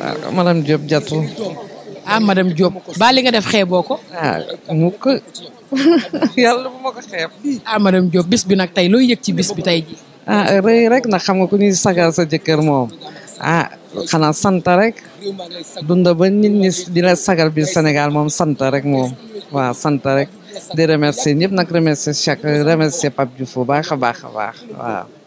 waaw madame jatu jattu ah madame Diop ba li nga def xeeboo ko ah ko yàlla bu ma ko xeeb ah madame Diop bis bi nag tey looy yëg ci bis bi tey ji ah rek nag xam nga ko ñuy sagal sa jëkkër moom ah xanaa santa rek dunda ba nit ñi di sagal bi Sénégal moom santa rek moom waaw sant rek de remercier ñëpp nag remercier chaque remercier Pape Diouf bu baax a baax a baax waaw